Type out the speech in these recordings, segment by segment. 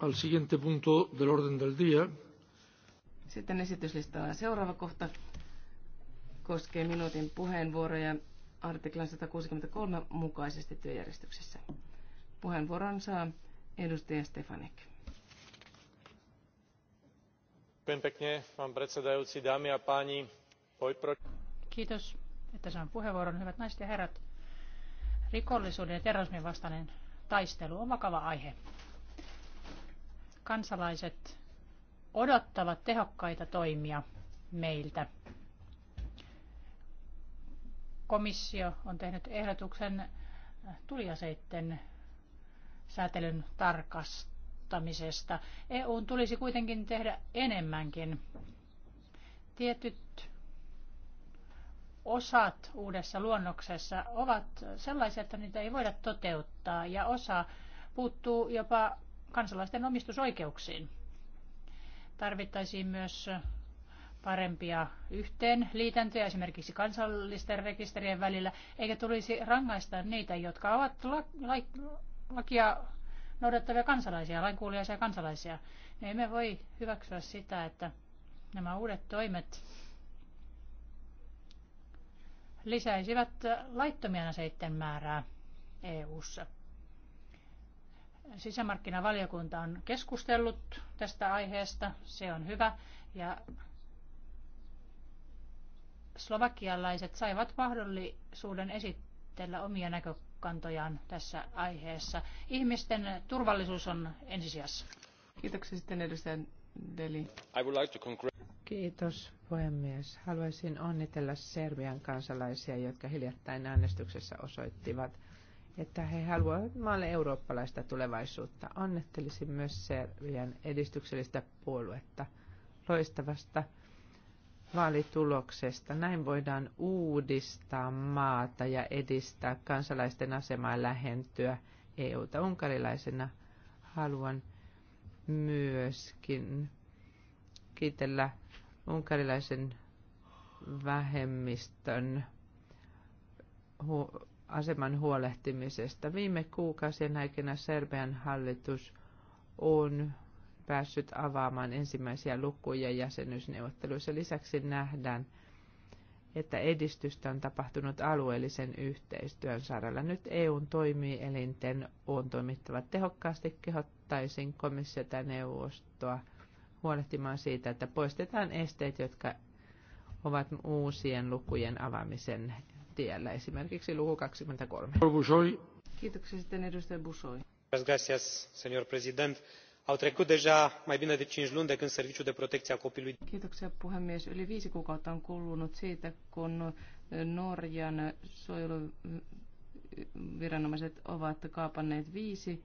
Al siguiente punto del orden del día. Sitten esityslistalla seuraava kohta koskee minuutin puheenvuoroja artiklan 163 mukaisesti työjärjestyksessä. Puheenvuoron saa edustaja Stefanik. Kiitos, että saan puheenvuoron. Hyvät naiset ja herrat, rikollisuuden ja terrorismin vastainen taistelu on vakava aihe. Kansalaiset odottavat tehokkaita toimia meiltä. Komissio on tehnyt ehdotuksen tuliaseiden säätelyn tarkastamisesta. EUn tulisi kuitenkin tehdä enemmänkin. Tietyt osat uudessa luonnoksessa ovat sellaisia, että niitä ei voida toteuttaa ja osa puuttuu jopa kansalaisten omistusoikeuksiin. Tarvittaisiin myös parempia yhteenliitäntöjä esimerkiksi kansallisten rekisterien välillä, eikä tulisi rangaista niitä, jotka ovat la- la- lakia noudattavia kansalaisia, lainkuuliaisia kansalaisia. Me emme voi hyväksyä sitä, että nämä uudet toimet lisäisivät laittomien aseiden määrää EU:ssa. Sisämarkkinavaliokunta on keskustellut tästä aiheesta, se on hyvä ja slovakialaiset saivat mahdollisuuden esitellä omia näkökantojaan tässä aiheessa. Ihmisten turvallisuus on ensisijassa. Kiitoksia sitten edustaja Deli. I would like to Kiitos puhemies. Haluaisin onnitella Serbian kansalaisia, jotka hiljattain äänestyksessä osoittivat, että he haluavat maalle eurooppalaista tulevaisuutta. Onnettelisin myös Serbian edistyksellistä puoluetta loistavasta vaalituloksesta. Näin voidaan uudistaa maata ja edistää kansalaisten asemaa lähentyä EU: ta. Unkarilaisena haluan myöskin kiitellä unkarilaisen vähemmistön hu- aseman huolehtimisesta. Viime kuukausien aikana Serbian hallitus on päässyt avaamaan ensimmäisiä lukuja jäsenyysneuvotteluissa. Lisäksi nähdään, että edistystä on tapahtunut alueellisen yhteistyön saralla. Nyt EUn toimielinten on toimittava tehokkaasti. Kehottaisin komissiota neuvostoa – huolehtimaan siitä, että poistetaan esteet, jotka ovat uusien lukujen avaamisen tiellä, esimerkiksi luku 23. Kiitoksia sitten edustaja Busoi. Gracias, señor president. Au trecut deja mai bine de 5 luni de când Serviciul de Protecție a Copilului... Kiitoksia puhemies. Yli viisi kuukautta on kulunut siitä, kun Norjan suojeluviranomaiset ovat kaapanneet viisi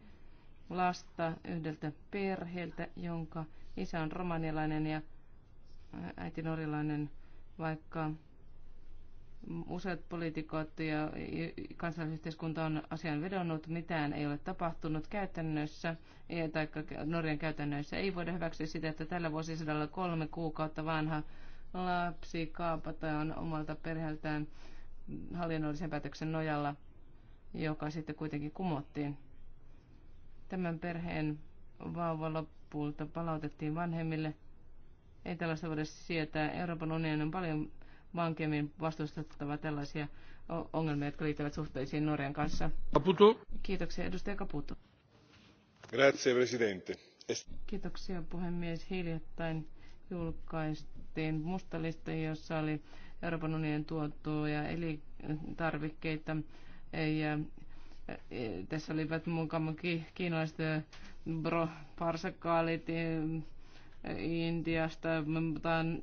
lasta yhdeltä perheeltä, jonka isä on romanialainen ja äiti norjalainen, vaikka useat poliitikot ja kansalaisyhteiskunta on asian vedonnut, mitään ei ole tapahtunut käytännössä, tai Norjan käytännöissä ei voida hyväksyä sitä, että tällä vuosisadalla kolme kuukautta vanha lapsi kaapataan omalta perheeltään hallinnollisen päätöksen nojalla, joka sitten kuitenkin kumottiin. Tämän perheen vauva lopulta palautettiin vanhemmille. Ei tällaista voida sietää. Euroopan unionin on paljon vankemmin vastustettava tällaisia ongelmia, jotka liittyvät suhteisiin Norjan kanssa. Caputo. Kiitoksia, edustaja Caputo. Grazie, presidente. Kiitoksia, puhemies. Hiljattain julkaistiin mustalista, jossa oli Euroopan unionin tuottuja eli tarvikkeita ja tässä olivat mukana kiinalaiset bro, parsakaalit Intiasta,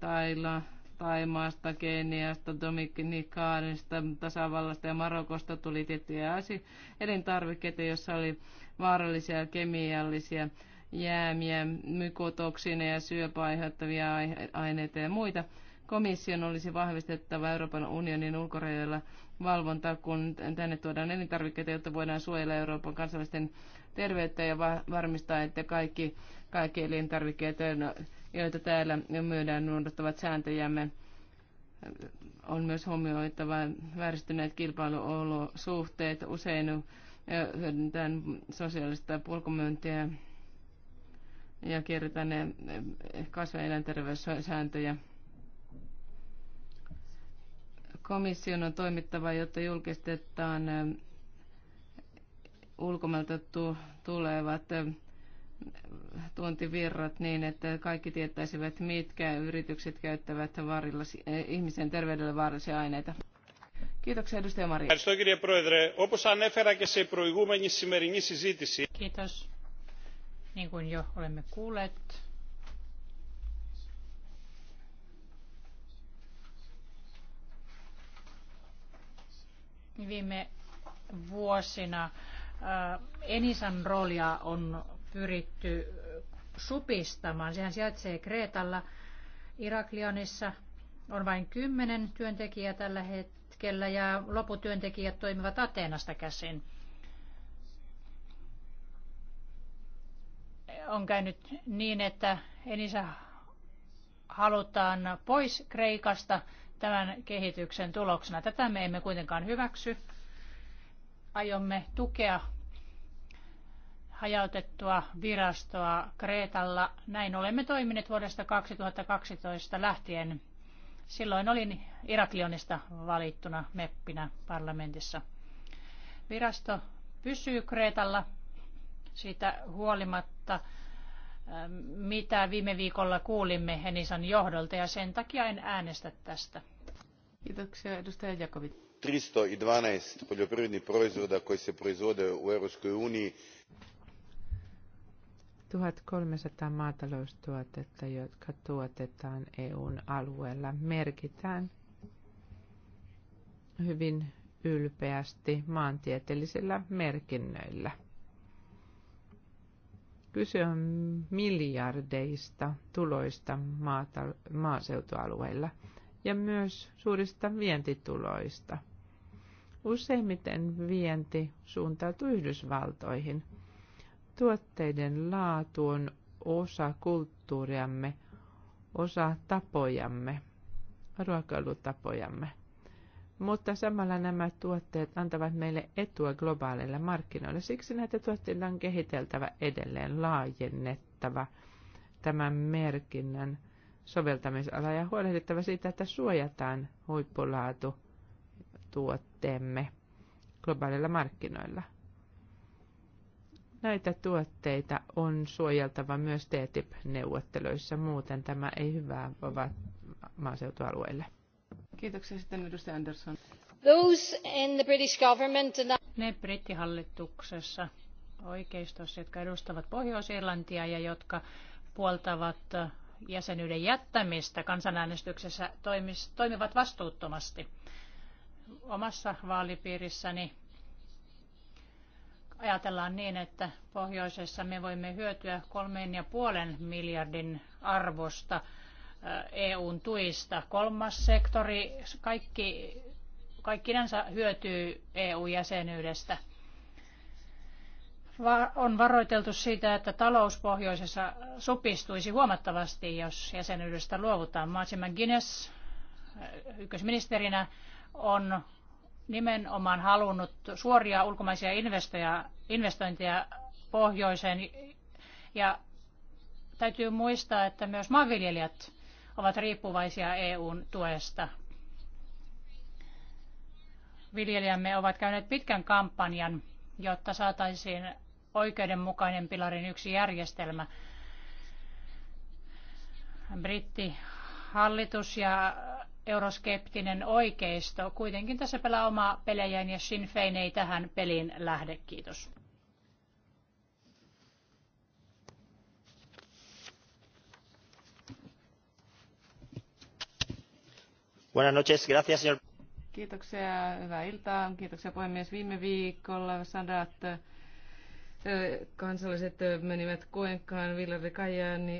Taila, Taimaasta, Keniasta, Dominikaanista, tasavallasta ja Marokosta tuli tiettyjä asi- elintarvikkeita, joissa oli vaarallisia kemiallisia jäämiä, mykotoksineja, syöpäaiheuttavia aineita ja muita Komission olisi vahvistettava Euroopan unionin ulkorajoilla valvontaa, kun tänne tuodaan elintarvikkeita, jotta voidaan suojella Euroopan kansalaisten terveyttä ja varmistaa, että kaikki, kaikki elintarvikkeet, no, joita täällä myydään, noudattavat sääntöjämme on myös huomioitava vääristyneet kilpailuolosuhteet. Usein hyödyntään sosiaalista pulkomyyntiä ja kierretään ne kasva- ja eläinterveyssääntöjä. Komission on toimittava, jotta julkistetaan ulkomailta tulevat tuontivirrat niin, että kaikki tietäisivät, mitkä yritykset käyttävät varilla ihmisen terveydelle vaarallisia aineita. Kiitoksia edustaja Maria. Kiitos. Niin kuin jo olemme kuulleet, Viime vuosina äh, Enisan roolia on pyritty äh, supistamaan. Sehän sijaitsee Kreetalla. Iraklionissa on vain kymmenen työntekijää tällä hetkellä ja loputyöntekijät toimivat Ateenasta käsin. On käynyt niin, että Enisa halutaan pois Kreikasta tämän kehityksen tuloksena. Tätä me emme kuitenkaan hyväksy. Aiomme tukea hajautettua virastoa Kreetalla. Näin olemme toimineet vuodesta 2012 lähtien. Silloin olin Iraklionista valittuna meppinä parlamentissa. Virasto pysyy Kreetalla siitä huolimatta, Ähm, mitä viime viikolla kuulimme Henisan johdolta ja sen takia en äänestä tästä. Kiitoksia edustaja Jakovic. 312 poljoprivrednih proizvoda koji se proizvode u Europskoj uniji. 1300 maataloustuotetta, jotka tuotetaan EUn alueella, merkitään hyvin ylpeästi maantieteellisillä merkinnöillä – Kyse on miljardeista tuloista maata, maaseutualueilla ja myös suurista vientituloista. Useimmiten vienti suuntautuu Yhdysvaltoihin. Tuotteiden laatu on osa kulttuuriamme, osa tapojamme, ruokailutapojamme mutta samalla nämä tuotteet antavat meille etua globaaleilla markkinoilla. Siksi näitä tuotteita on kehiteltävä edelleen, laajennettava tämän merkinnän soveltamisala ja huolehdittava siitä, että suojataan huippulaatu tuotteemme globaaleilla markkinoilla. Näitä tuotteita on suojeltava myös TTIP-neuvotteluissa, muuten tämä ei hyvää ovat maaseutualueille. Kiitoksia sitten Anderson. Those in the British government and... Ne brittihallituksessa oikeistossa, jotka edustavat Pohjois-Irlantia ja jotka puoltavat äh, jäsenyyden jättämistä kansanäänestyksessä toimis, toimivat vastuuttomasti. Omassa vaalipiirissäni ajatellaan niin, että pohjoisessa me voimme hyötyä kolmeen ja puolen miljardin arvosta EUn tuista. Kolmas sektori, kaikki, kaikkinensa hyötyy EU-jäsenyydestä. on varoiteltu siitä, että talous pohjoisessa supistuisi huomattavasti, jos jäsenyydestä luovutaan. Maatsima Guinness ykkösministerinä on nimenomaan halunnut suoria ulkomaisia investointeja pohjoiseen. Ja täytyy muistaa, että myös maanviljelijät ovat riippuvaisia EUn tuesta. Viljelijämme ovat käyneet pitkän kampanjan, jotta saataisiin oikeudenmukainen pilarin yksi järjestelmä. Britti hallitus ja euroskeptinen oikeisto kuitenkin tässä pelaa omaa pelejään ja Sinn Fein ei tähän peliin lähde. Kiitos. Buenas Kiitoksia, hyvää iltaa. Kiitoksia puhemies. Viime viikolla sadat kansalliset menivät Koenkaan Villeri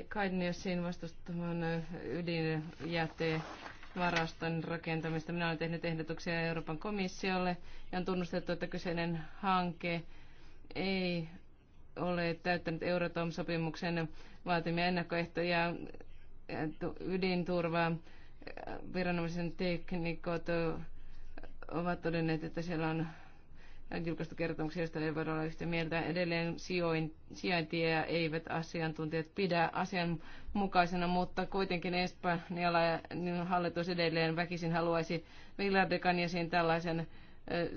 Kaidniasin vastustamaan ydinjäteen varaston rakentamista. Minä olen tehnyt ehdotuksia Euroopan komissiolle ja on tunnustettu, että kyseinen hanke ei ole täyttänyt Euratom-sopimuksen vaatimia ennakkoehtoja ydinturvaa viranomaisen teknikot ovat todenneet, että siellä on julkaistu kertomuksia, joista ei voida olla yhtä mieltä. Edelleen sijoin, sijaintia eivät asiantuntijat pidä asianmukaisena, mutta kuitenkin Espanjan hallitus edelleen väkisin haluaisi Villardekan ja siinä tällaisen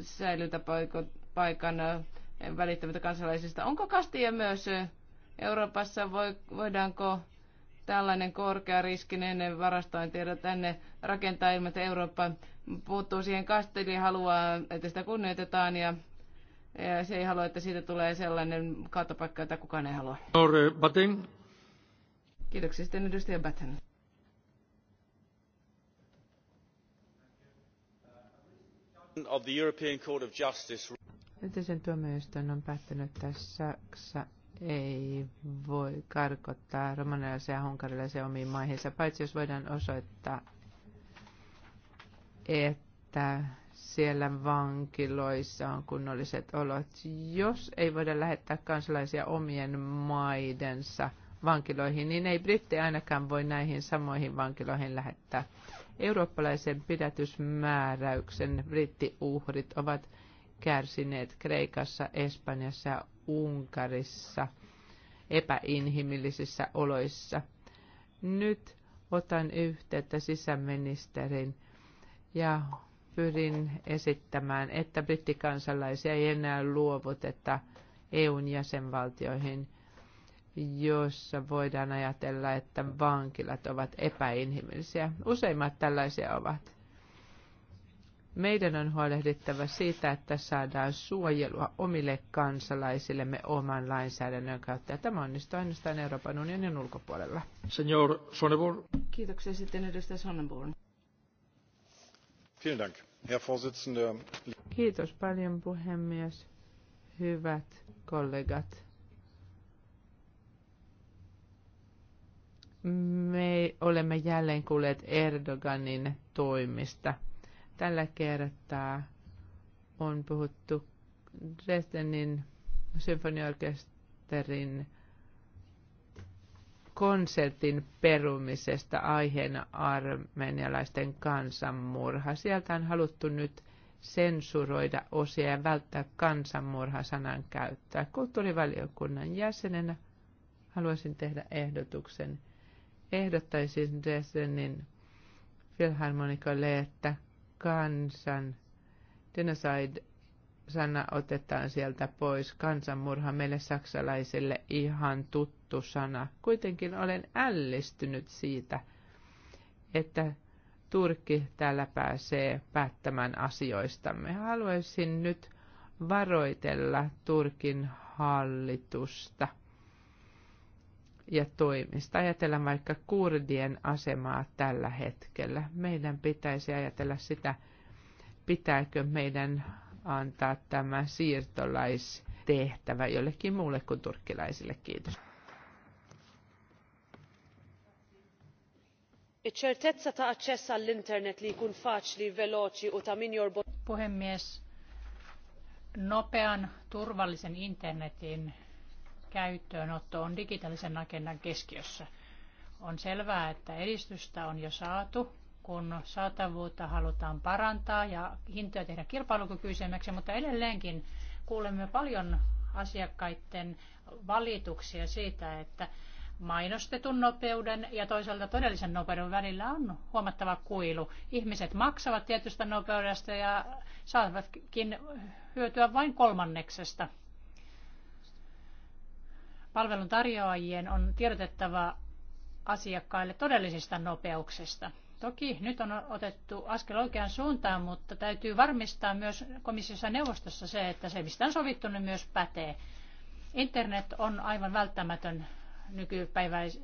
säilytäpaikan välittämättä kansalaisista. Onko kastia myös Euroopassa? Voidaanko tällainen korkea riskinen varastointi tänne rakentaa ilman, että Eurooppa puuttuu siihen kasteliin, haluaa, että sitä kunnioitetaan ja, ja se ei halua, että siitä tulee sellainen kaatopaikka, jota kukaan ei halua. Batten. Kiitoksia sitten edustaja Batten. Of the European Court of Justice. Yhteisen tuomioistuin on päättänyt tässä ei voi karkottaa romanialaisia ja hunkarilaisia omiin maihinsa, paitsi jos voidaan osoittaa, että siellä vankiloissa on kunnolliset olot. Jos ei voida lähettää kansalaisia omien maidensa vankiloihin, niin ei britti ainakaan voi näihin samoihin vankiloihin lähettää. Eurooppalaisen pidätysmääräyksen brittiuhrit ovat kärsineet Kreikassa, Espanjassa ja Unkarissa epäinhimillisissä oloissa. Nyt otan yhteyttä sisäministerin ja pyrin esittämään, että brittikansalaisia ei enää luovuteta EUn jäsenvaltioihin, jossa voidaan ajatella, että vankilat ovat epäinhimillisiä. Useimmat tällaisia ovat. Meidän on huolehdittava siitä, että saadaan suojelua omille kansalaisillemme oman lainsäädännön kautta. Ja tämä onnistuu ainoastaan Euroopan unionin ulkopuolella. Senior Sonneborn. Kiitoksia sitten edustaja Sonneborn. Kiitos paljon puhemies. Hyvät kollegat. Me olemme jälleen kuulleet Erdoganin toimista – Tällä kertaa on puhuttu Dresdenin symfoniorkesterin konsertin perumisesta aiheena armenialaisten kansanmurha. Sieltä on haluttu nyt sensuroida osia ja välttää kansanmurha-sanan käyttöä. Kulttuurivaliokunnan jäsenenä haluaisin tehdä ehdotuksen. Ehdottaisin Dresdenin filharmonikoille, että kansan, genocide-sana otetaan sieltä pois, kansanmurha meille saksalaisille ihan tuttu sana. Kuitenkin olen ällistynyt siitä, että Turkki täällä pääsee päättämään asioistamme. Haluaisin nyt varoitella Turkin hallitusta – ja toimista. Ajatellaan vaikka kurdien asemaa tällä hetkellä. Meidän pitäisi ajatella sitä, pitääkö meidän antaa tämä siirtolaistehtävä jollekin muulle kuin turkkilaisille. Kiitos. Puhemies, nopean turvallisen internetin käyttöönotto on digitaalisen agendan keskiössä. On selvää, että edistystä on jo saatu, kun saatavuutta halutaan parantaa ja hintoja tehdä kilpailukykyisemmäksi, mutta edelleenkin kuulemme paljon asiakkaiden valituksia siitä, että mainostetun nopeuden ja toisaalta todellisen nopeuden välillä on huomattava kuilu. Ihmiset maksavat tietystä nopeudesta ja saavatkin hyötyä vain kolmanneksesta Palvelun tarjoajien on tiedotettava asiakkaille todellisista nopeuksista. Toki nyt on otettu askel oikeaan suuntaan, mutta täytyy varmistaa myös komissiossa ja neuvostossa se, että se mistä on sovittu, niin myös pätee. Internet on aivan välttämätön nykypäiväis-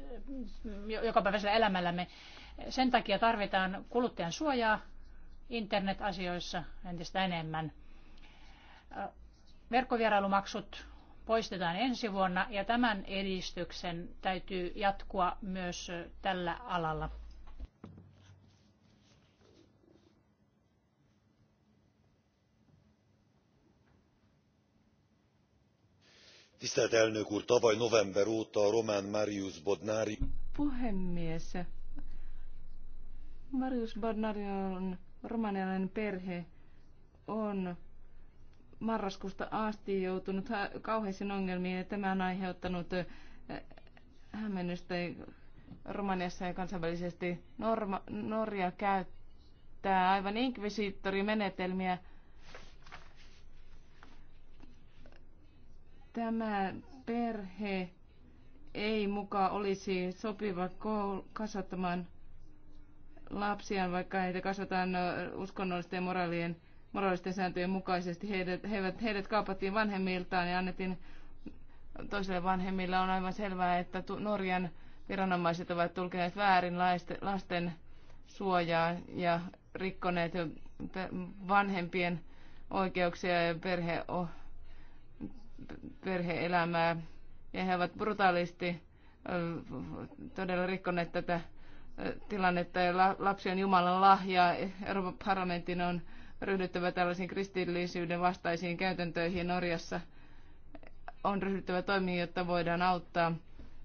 jokapäiväisellä elämällämme. Sen takia tarvitaan kuluttajan suojaa internet-asioissa entistä enemmän. Verkkovierailumaksut poistetaan ensi vuonna ja tämän edistyksen täytyy jatkua myös tällä alalla. Tisztelt elnök úr, tavaly november óta a román Marius Bodnári... Puhemies, Marius Bodnari on romanialainen perhe, on marraskuusta asti joutunut kauheisiin ongelmiin ja tämä on aiheuttanut eh, hämmennystä Romaniassa ja kansainvälisesti. Norma, Norja käyttää aivan inkvisiittorimenetelmiä. Tämä perhe ei muka olisi sopiva kasvattamaan lapsiaan, vaikka heitä kasvataan eh, uskonnollisten ja moraalien moraalisten sääntöjen mukaisesti. Heidät, heidät, heidät kaapattiin vanhemmiltaan ja annettiin toiselle vanhemmilla. On aivan selvää, että Norjan viranomaiset ovat tulkineet väärin lasten suojaa ja rikkoneet vanhempien oikeuksia ja perhe, perheelämää. Ja he ovat brutaalisti todella rikkoneet tätä tilannetta. Ja lapsi on Jumalan lahja. Euroopan parlamentin on ryhdyttävä tällaisiin kristillisyyden vastaisiin käytäntöihin Norjassa. On ryhdyttävä toimia, jotta voidaan auttaa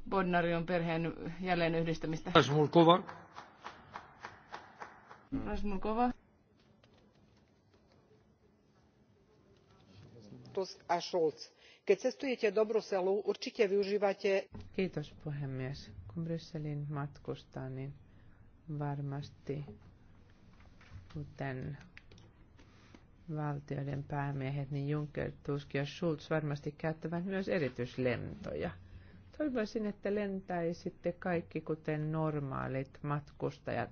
Bodnarion perheen jälleen yhdistämistä. Rasmulkova. Rasmulkova. Tusk a Schulz. Keď Kiitos puhemies. Kun Brysselin matkustaa, niin varmasti, kuten valtioiden päämiehet, niin Juncker, Tusk ja Schulz varmasti käyttävät myös erityislentoja. Toivoisin, että lentäisitte kaikki kuten normaalit matkustajat.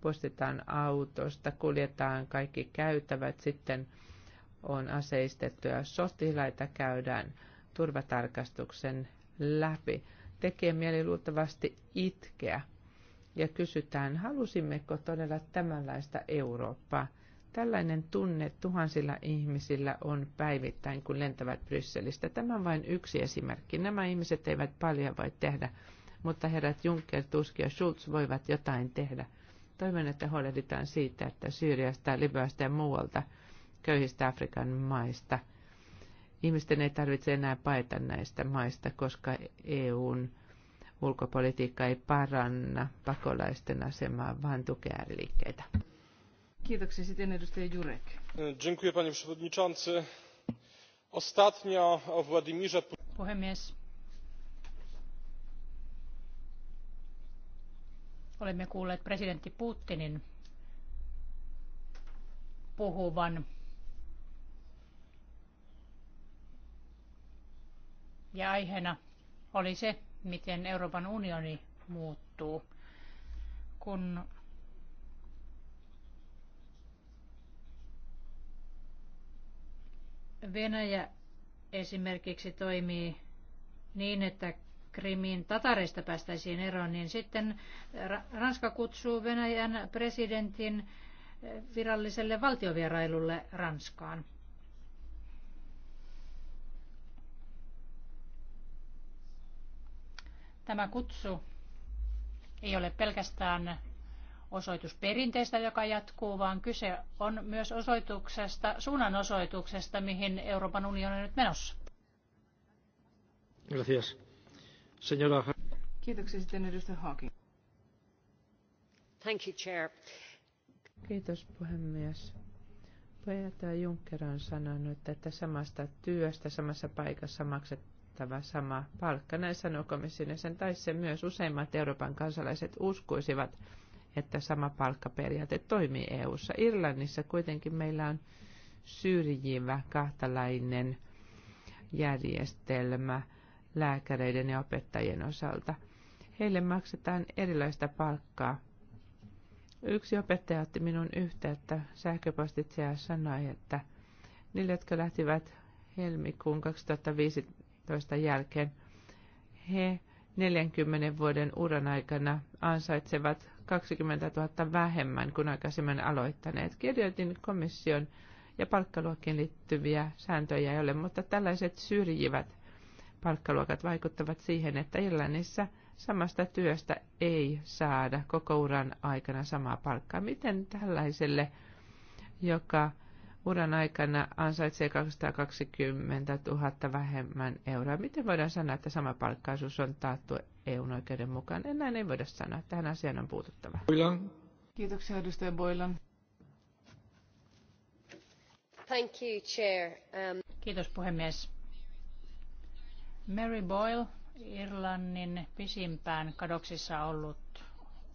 Postitaan autosta, kuljetaan kaikki käytävät, sitten on aseistettuja sotilaita, käydään turvatarkastuksen läpi. Tekee mieli luultavasti itkeä ja kysytään, halusimmeko todella tämänlaista Eurooppaa – Tällainen tunne tuhansilla ihmisillä on päivittäin, kun lentävät Brysselistä. Tämä on vain yksi esimerkki. Nämä ihmiset eivät paljon voi tehdä, mutta herrat Juncker, Tusk ja Schulz voivat jotain tehdä. Toivon, että huolehditaan siitä, että Syyriasta, Libyasta ja muualta köyhistä Afrikan maista ihmisten ei tarvitse enää paeta näistä maista, koska EUn ulkopolitiikka ei paranna pakolaisten asemaa, vaan tukea liikkeitä panie przewodniczący. Ostatnio o Władimirze... Puhemies. Olemme kuulleet presidentti Putinin puhuvan ja aiheena oli se, miten Euroopan unioni muuttuu. Kun Venäjä esimerkiksi toimii niin, että Krimin tatareista päästäisiin eroon, niin sitten Ranska kutsuu Venäjän presidentin eh, viralliselle valtiovierailulle Ranskaan. Tämä kutsu ei ole pelkästään osoitus perinteestä, joka jatkuu, vaan kyse on myös osoituksesta, suunnanosoituksesta, mihin Euroopan unioni on nyt menossa. Gracias. Señora... Kiitoksia sitten edustaja Haakin. Thank you, Chair. Kiitos puhemies. Puheenjohtaja Juncker on sanonut, että samasta työstä samassa paikassa maksettava sama palkka. Näin sanoo komission sen tai se myös useimmat Euroopan kansalaiset uskoisivat, että sama palkkaperiaate toimii EU:ssa. Irlannissa kuitenkin meillä on syrjivä kahtalainen järjestelmä lääkäreiden ja opettajien osalta. Heille maksetaan erilaista palkkaa. Yksi opettaja otti minun yhteyttä sähköpostitse ja sanoi, että niille, jotka lähtivät helmikuun 2015 jälkeen, he 40 vuoden uran aikana ansaitsevat 20 000 vähemmän kuin aikaisemmin aloittaneet. Kirjoitin komission ja palkkaluokkien liittyviä sääntöjä ei ole, mutta tällaiset syrjivät palkkaluokat vaikuttavat siihen, että Irlannissa samasta työstä ei saada koko uran aikana samaa palkkaa. Miten tällaiselle, joka uran aikana ansaitsee 220 000 vähemmän euroa. Miten voidaan sanoa, että sama palkkaisuus on taattu eu oikeuden mukaan? En näin ei voida sanoa. Tähän asiaan on puututtava. Boylan. Kiitoksia edustaja Boylan. Thank you, chair. Um... Kiitos puhemies. Mary Boyle, Irlannin pisimpään kadoksissa ollut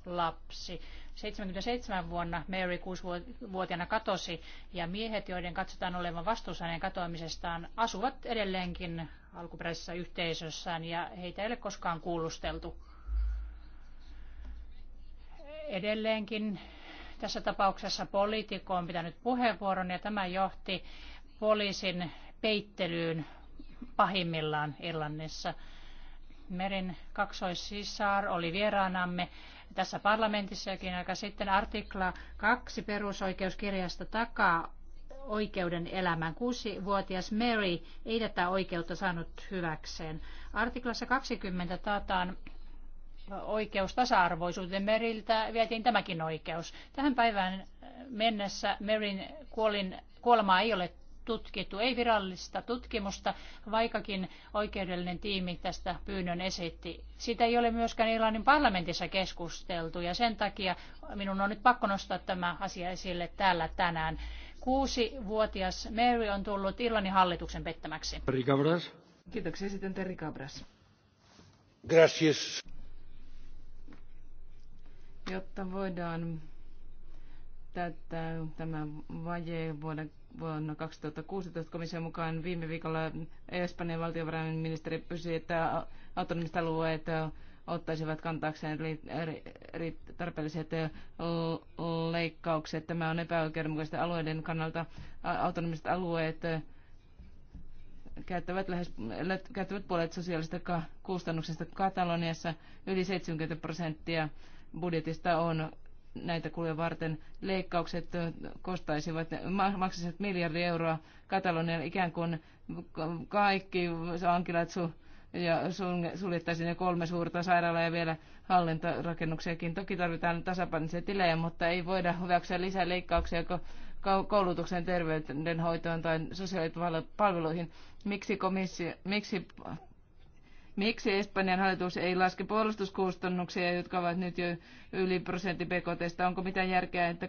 lapsi. 77 vuonna Mary 6-vuotiaana katosi ja miehet, joiden katsotaan olevan vastuussa hänen katoamisestaan, asuvat edelleenkin alkuperäisessä yhteisössään ja heitä ei ole koskaan kuulusteltu. Edelleenkin tässä tapauksessa poliitikko on pitänyt puheenvuoron ja tämä johti poliisin peittelyyn pahimmillaan Irlannissa. Merin kaksoissisar oli vieraanamme tässä parlamentissakin aika sitten artikla 2 perusoikeuskirjasta takaa oikeuden elämään. Kuusi-vuotias Mary ei tätä oikeutta saanut hyväkseen. Artiklassa 20 taataan oikeus tasa-arvoisuuteen. Meriltä vietiin tämäkin oikeus. Tähän päivään mennessä Merin kuolin, kuolemaa ei ole tutkittu, ei virallista tutkimusta, vaikkakin oikeudellinen tiimi tästä pyynnön esitti. Sitä ei ole myöskään Irlannin parlamentissa keskusteltu ja sen takia minun on nyt pakko nostaa tämä asia esille täällä tänään. Kuusi-vuotias Mary on tullut Irlannin hallituksen pettämäksi. Rikabras. Kiitoksia sitten Terri Gracias. Jotta voidaan täyttää tämä vaje vuoden vuonna 2016 komission mukaan viime viikolla Espanjan valtiovarainministeri pyysi, että autonomiset alueet ottaisivat kantaakseen ri, ri, ri, tarpeelliset leikkaukset. Tämä on epäoikeudenmukaista alueiden kannalta. Autonomiset alueet käyttävät, lähes, käyttävät puolet sosiaalista kustannuksista Kataloniassa. Yli 70 prosenttia budjetista on näitä kuluja varten. Leikkaukset kostaisivat, maksaisivat miljardi euroa Katalonian ikään kuin kaikki ankilat ja suljettaisiin ne kolme suurta sairaalaa ja vielä hallintorakennuksiakin. Toki tarvitaan tasapainoisia tilejä, mutta ei voida hyväksyä lisää leikkauksia koulutuksen, terveydenhoitoon tai sosiaalipalveluihin. Miksi, komissio, miksi Miksi Espanjan hallitus ei laske puolustuskustannuksia, jotka ovat nyt jo yli prosentti BKT? Onko mitään järkeä, että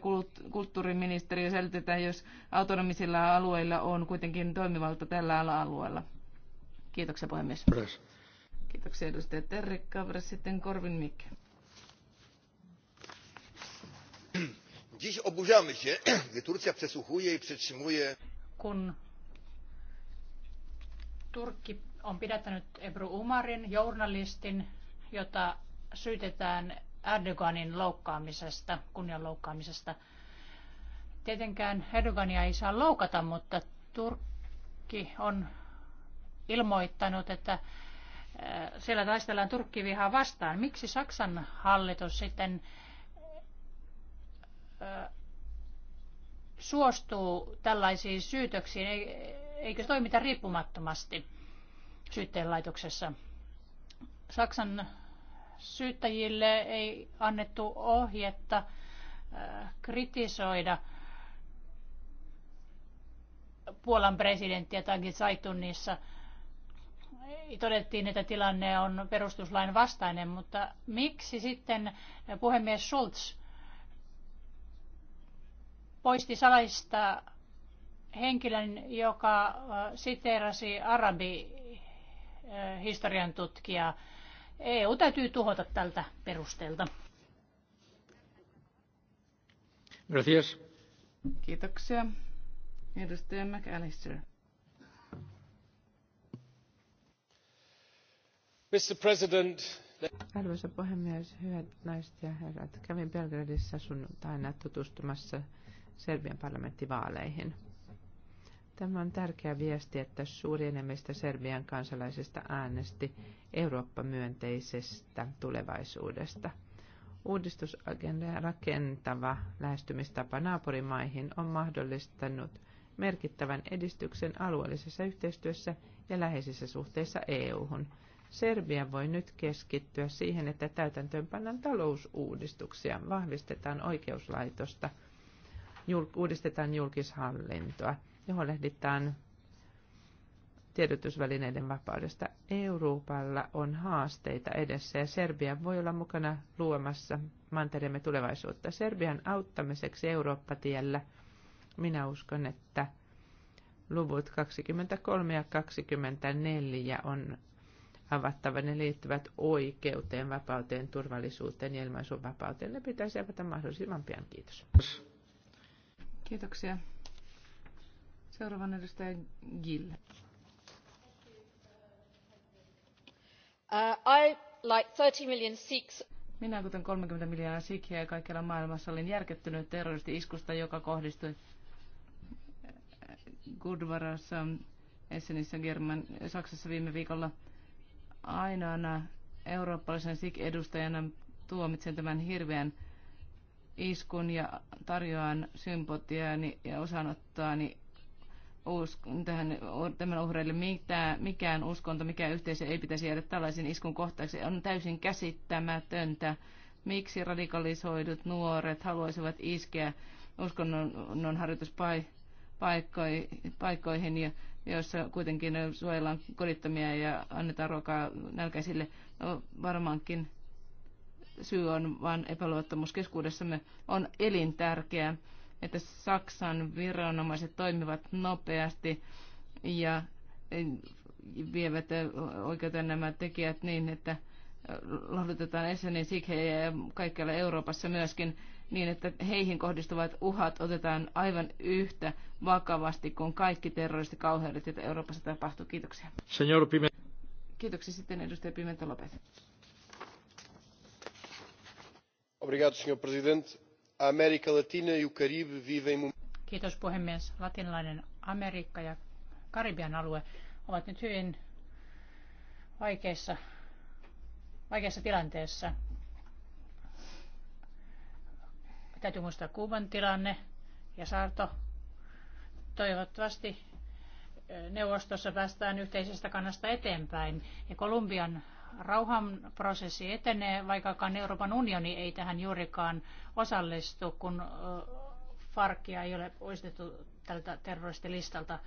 kulttuuriministeriö selitetään, jos autonomisilla alueilla on kuitenkin toimivalta tällä ala-alueella? Kiitoksia puhemies. Kiitoksia edustaja Terri Kavras, sitten Korvin Mikke. Dziś oburzamy się, gdy Turcja przesłuchuje i przetrzymuje. Kun Turkki on pidättänyt Ebru Umarin, journalistin, jota syytetään Erdoganin loukkaamisesta, kunnian loukkaamisesta. Tietenkään Erdogania ei saa loukata, mutta Turkki on ilmoittanut, että äh, siellä taistellaan turkkivihaa vastaan. Miksi Saksan hallitus sitten äh, suostuu tällaisiin syytöksiin? Eikö se toimita riippumattomasti? syytteenlaitoksessa. Saksan syyttäjille ei annettu ohjetta äh, kritisoida Puolan presidenttiä Tagi Saitunissa. Todettiin, että tilanne on perustuslain vastainen, mutta miksi sitten puhemies Schulz poisti salaista henkilön, joka äh, siteerasi arabi historian tutkija. EU täytyy tuhota tältä perusteelta. Gracias. Kiitoksia. Edustaja McAllister. Mr. President, Arvoisa puhemies, hyvät naiset ja herrat. Kävin Belgradissa sunnuntaina tutustumassa Serbian parlamenttivaaleihin. Tämä on tärkeä viesti, että suuri enemmistö Serbian kansalaisista äänesti Eurooppa-myönteisestä tulevaisuudesta. Uudistusagenda ja rakentava lähestymistapa naapurimaihin on mahdollistanut merkittävän edistyksen alueellisessa yhteistyössä ja läheisissä suhteissa EU-hun. Serbia voi nyt keskittyä siihen, että täytäntöönpannan talousuudistuksia, vahvistetaan oikeuslaitosta, jul- uudistetaan julkishallintoa – Johon huolehditaan tiedotusvälineiden vapaudesta. Euroopalla on haasteita edessä ja Serbia voi olla mukana luomassa mantereemme tulevaisuutta. Serbian auttamiseksi Eurooppa-tiellä minä uskon, että luvut 23 ja 24 on avattava. Ne liittyvät oikeuteen, vapauteen, turvallisuuteen ja ilmaisunvapauteen. Ne pitäisi avata mahdollisimman pian. Kiitos. Kiitoksia. Seuraavan edustaja Gill. Uh, I, like 30 million Sikhs, minä, kuten 30 miljoonaa sikhiä ja kaikkialla maailmassa, olin järkyttynyt terroristi-iskusta, joka kohdistui äh, Gudvarassa, Essenissä, German, Saksassa viime viikolla. Ainoana eurooppalaisen sikh edustajana tuomitsen tämän hirveän iskun ja tarjoan sympatiaani ja osanottoani tähän, tämän uhreille mitään, mikään uskonto, mikään yhteisö ei pitäisi jäädä tällaisen iskun kohtaaksi. On täysin käsittämätöntä, miksi radikalisoidut nuoret haluaisivat iskeä uskonnon harjoituspaikkoihin, joissa kuitenkin suojellaan kodittomia ja annetaan ruokaa nälkäisille. No, varmaankin syy on vain epäluottamus keskuudessamme on elintärkeää että Saksan viranomaiset toimivat nopeasti ja eh, vievät eh, oikeuteen nämä tekijät niin, että eh, lohdutetaan Essenin, sikhejä ja kaikkialla Euroopassa myöskin niin, että heihin kohdistuvat uhat otetaan aivan yhtä vakavasti kuin kaikki kauheudet, joita Euroopassa tapahtuu. Kiitoksia. Senor Pime- Kiitoksia sitten edustaja Pimenta Lopez. Obrigado, senhor presidente. Amerikka, Latina e Kiitos puhemies. Latinalainen Amerikka ja Karibian alue ovat nyt hyvin vaikeissa, vaikeassa tilanteessa. Täytyy muistaa Kuuban tilanne ja saarto. Toivottavasti neuvostossa päästään yhteisestä kannasta eteenpäin ja Kolumbian rauhanprosessi etenee, vaikkakaan Euroopan unioni ei tähän juurikaan osallistu, kun Farkia ei ole poistettu tältä terroristilistalta.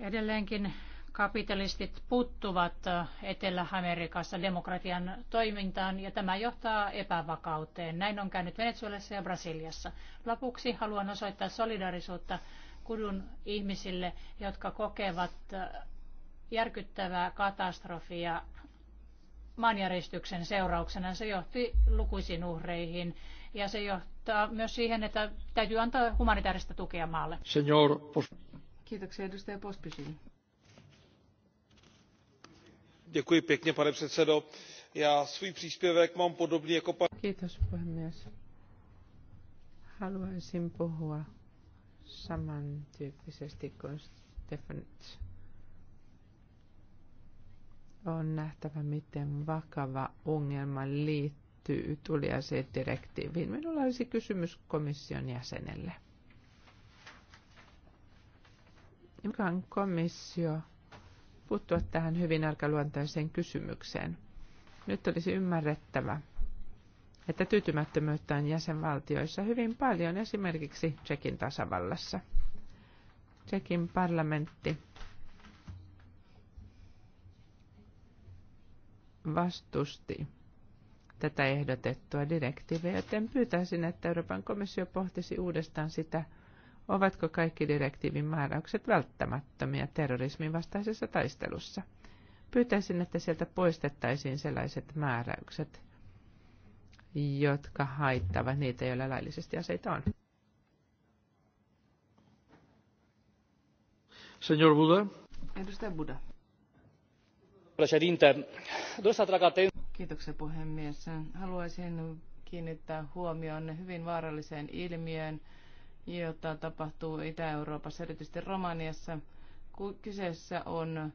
Edelleenkin kapitalistit puuttuvat Etelä-Amerikassa demokratian toimintaan ja tämä johtaa epävakauteen. Näin on käynyt Venezuelassa ja Brasiliassa. Lopuksi haluan osoittaa solidarisuutta kudun ihmisille, jotka kokevat järkyttävää katastrofia maanjäristyksen seurauksena. Se johti lukuisiin uhreihin ja se johtaa myös siihen, että täytyy antaa humanitaarista tukea maalle. Senior Post... Kiitoksia edustaja Pospisil. Děkuji pěkně, pane předsedo. Já svůj příspěvek mám podobný jako pan... Kiitos, puhemies. Haluaisin puhua samantyyppisesti kuin Stefan on nähtävä, miten vakava ongelma liittyy tuliaseen direktiiviin Minulla olisi kysymys komission jäsenelle. Mikä on komissio puuttua tähän hyvin arkaluontoiseen kysymykseen? Nyt olisi ymmärrettävä, että tyytymättömyyttä on jäsenvaltioissa hyvin paljon, esimerkiksi Tsekin tasavallassa. Tsekin parlamentti vastusti tätä ehdotettua direktiiviä, joten pyytäisin, että Euroopan komissio pohtisi uudestaan sitä, ovatko kaikki direktiivin määräykset välttämättömiä terrorismin vastaisessa taistelussa. Pyytäisin, että sieltä poistettaisiin sellaiset määräykset, jotka haittavat niitä, joilla laillisesti aseita on. Señor Buda. Edustaja Buda președinte doresc să atrag atenția. Kiitoksia puhemies. Haluaisin kiinnittää huomioon hyvin vaaralliseen ilmiöön, jota tapahtuu Itä-Euroopassa, erityisesti Romaniassa. Kyseessä on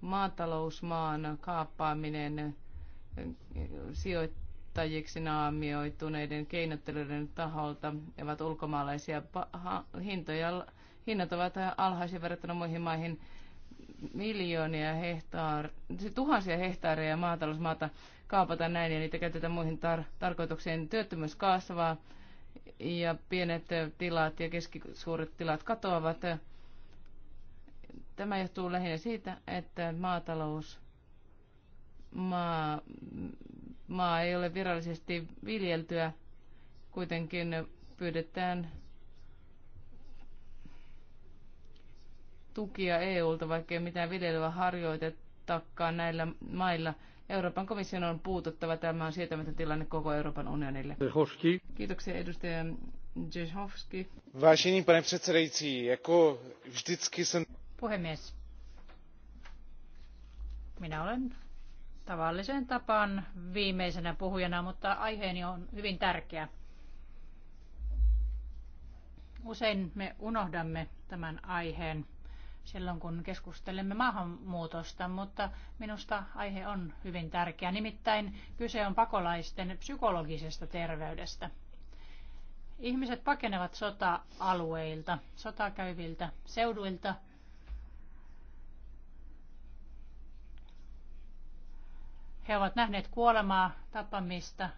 maatalousmaan kaappaaminen sijoittajiksi naamioituneiden keinottelijoiden taholta ovat ulkomaalaisia hintoja. Hinnat ovat alhaisia verrattuna muihin maihin miljoonia hehtaar, siis tuhansia hehtaareja maatalousmaata kaapata näin ja niitä käytetään muihin tar- tarkoituksiin. Työttömyys kasvaa ja pienet tilat ja keskisuuret tilat katoavat. Tämä johtuu lähinnä siitä, että maatalous maa, maa ei ole virallisesti viljeltyä. Kuitenkin pyydetään tukia EUlta, vaikkei mitään viljelyä harjoitettakaan näillä mailla. Euroopan komission on puututtava. Tämä on sietämätön tilanne koko Euroopan unionille. Hoski. Kiitoksia edustaja Jehovski. Vážený pane předsedající, jako vždycky jsem... Puhemies. Minä olen tavalliseen tapaan viimeisenä puhujana, mutta aiheeni on hyvin tärkeä. Usein me unohdamme tämän aiheen silloin, kun keskustelemme maahanmuutosta, mutta minusta aihe on hyvin tärkeä. Nimittäin kyse on pakolaisten psykologisesta terveydestä. Ihmiset pakenevat sota-alueilta, sotakäyviltä seuduilta. He ovat nähneet kuolemaa, tapamista.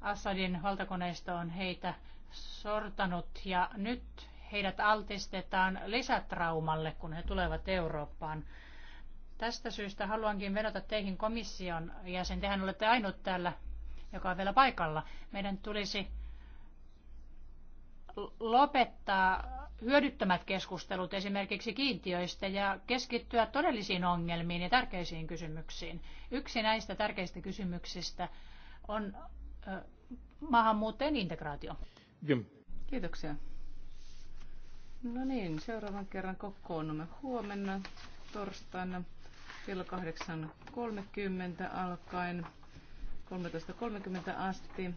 Assadin valtakoneisto on heitä sortanut ja nyt heidät altistetaan lisätraumalle, kun he tulevat Eurooppaan. Tästä syystä haluankin vedota teihin komission jäsen. Tehän olette ainut täällä, joka on vielä paikalla. Meidän tulisi lopettaa hyödyttömät keskustelut esimerkiksi kiintiöistä ja keskittyä todellisiin ongelmiin ja tärkeisiin kysymyksiin. Yksi näistä tärkeistä kysymyksistä on maahanmuuttajien integraatio. Kiitoksia. No niin, seuraavan kerran kokoonnumme huomenna torstaina kello 8.30 alkaen 13.30 asti.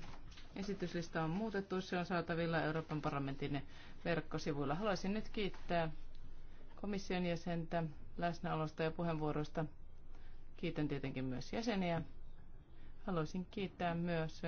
Esityslista on muutettu, se on saatavilla Euroopan parlamentin verkkosivuilla. Haluaisin nyt kiittää komission jäsentä läsnäolosta ja puheenvuoroista. Kiitän tietenkin myös jäseniä. Haluaisin kiittää myös